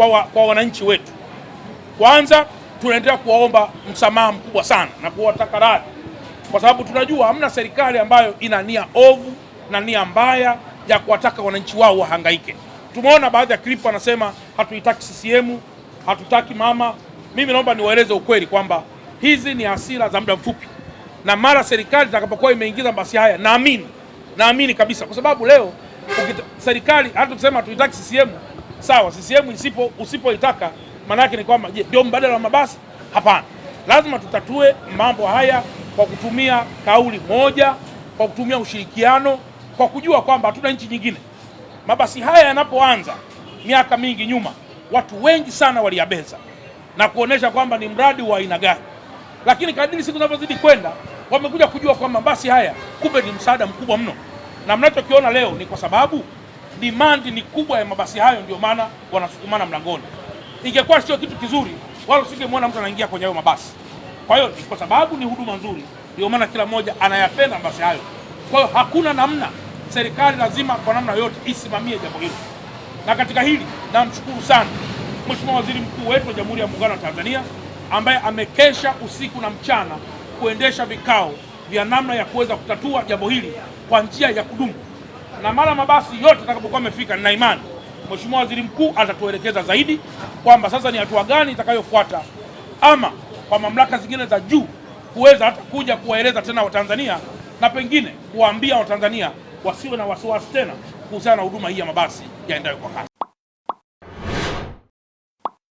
kwa, wa, kwa wananchi wetu. Kwanza tunaendelea kuwaomba msamaha mkubwa sana na kuwataka radhi, kwa sababu tunajua hamna serikali ambayo ina nia ovu na nia mbaya ya kuwataka wananchi wao wahangaike. Tumeona baadhi ya klipu wanasema hatuitaki CCM, hatutaki mama. Mimi naomba niwaeleze ukweli kwamba hizi ni hasira za muda mfupi, na mara serikali itakapokuwa imeingiza basi haya, naamini naamini kabisa, kwa sababu leo serikali hata tusema hatuitaki CCM sawa, CCM isipo usipoitaka maana yake ni kwamba je, ndio mbadala wa mabasi? Hapana, lazima tutatue mambo haya kwa kutumia kauli moja, kwa kutumia ushirikiano, kwa kujua kwamba hatuna nchi nyingine. Mabasi haya yanapoanza miaka mingi nyuma, watu wengi sana waliyabeza na kuonesha kwamba ni mradi wa aina gani, lakini kadiri siku zinavyozidi kwenda wamekuja kujua kwamba mabasi haya kumbe ni msaada mkubwa mno, na mnachokiona leo ni kwa sababu Dimandi ni kubwa ya mabasi hayo, ndio maana wanasukumana mlangoni. Ingekuwa sio kitu kizuri, wala usingemwona mtu anaingia kwenye hayo mabasi. Kwa hiyo ni kwa sababu ni huduma nzuri, ndio maana kila mmoja anayapenda mabasi hayo. Kwa hiyo hakuna namna, serikali lazima kwa namna yote isimamie jambo hilo, na katika hili namshukuru sana Mheshimiwa Waziri Mkuu wetu wa Jamhuri ya Muungano wa Tanzania ambaye amekesha usiku na mchana kuendesha vikao vya namna ya kuweza kutatua jambo hili kwa njia ya kudumu na mara mabasi yote atakapokuwa amefika, nina imani Mheshimiwa Waziri Mkuu atatuelekeza zaidi kwamba sasa ni hatua gani itakayofuata, ama kwa mamlaka zingine za juu kuweza hata kuja kuwaeleza tena Watanzania na pengine kuwaambia Watanzania wasiwe na wasiwasi tena kuhusiana na huduma hii ya mabasi yaendayo kwa kasi.